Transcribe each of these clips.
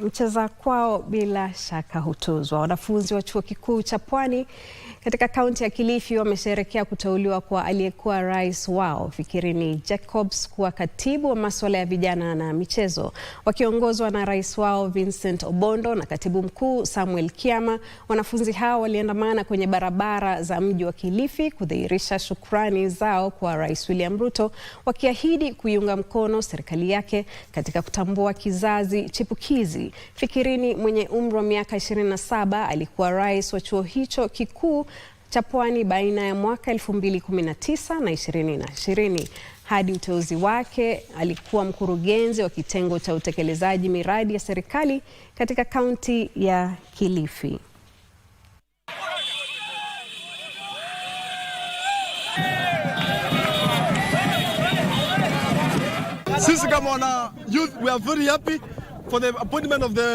mcheza kwao bila shaka hutuzwa. Wanafunzi wa Chuo Kikuu cha Pwani katika kaunti ya Kilifi wamesherekea kuteuliwa kwa aliyekuwa rais wao Fikirini Jacobs kuwa katibu wa masuala ya vijana na michezo. Wakiongozwa na rais wao Vincent Obondo na katibu mkuu Samuel Kiama, wanafunzi hao waliandamana kwenye barabara za mji wa Kilifi kudhihirisha shukrani zao kwa Rais William Ruto, wakiahidi kuiunga mkono serikali yake katika kutambua kizazi chipukizi Fikirini mwenye umri wa miaka 27 alikuwa rais wa chuo hicho kikuu cha Pwani baina ya mwaka 2019 na 2020. Hadi uteuzi wake alikuwa mkurugenzi wa kitengo cha utekelezaji miradi ya serikali katika kaunti ya Kilifi. Sisi kama wana youth we are very happy for the appointment of the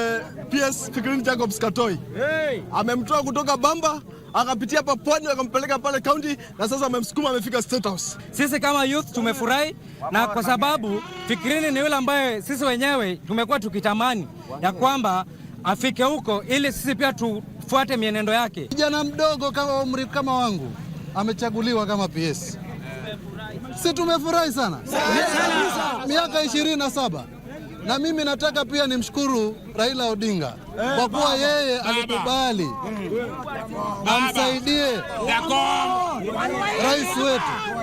PS Fikrini Jacobs Katoi. Hey. Amemtoa kutoka Bamba akapitia hapa pwani akampeleka pale kaunti na sasa amemsukuma amefika State House. Sisi kama youth tumefurahi na kwa sababu fikirini ni yule ambaye sisi wenyewe tumekuwa tukitamani ya kwamba afike huko ili sisi pia tufuate mienendo yake. Kijana mdogo kama umri kama wangu amechaguliwa kama PS. Si tumefurahi sana. Miaka 27. Na mimi nataka pia nimshukuru Raila Odinga kwa eh, kuwa yeye alikubali mm. amsaidie rais wetu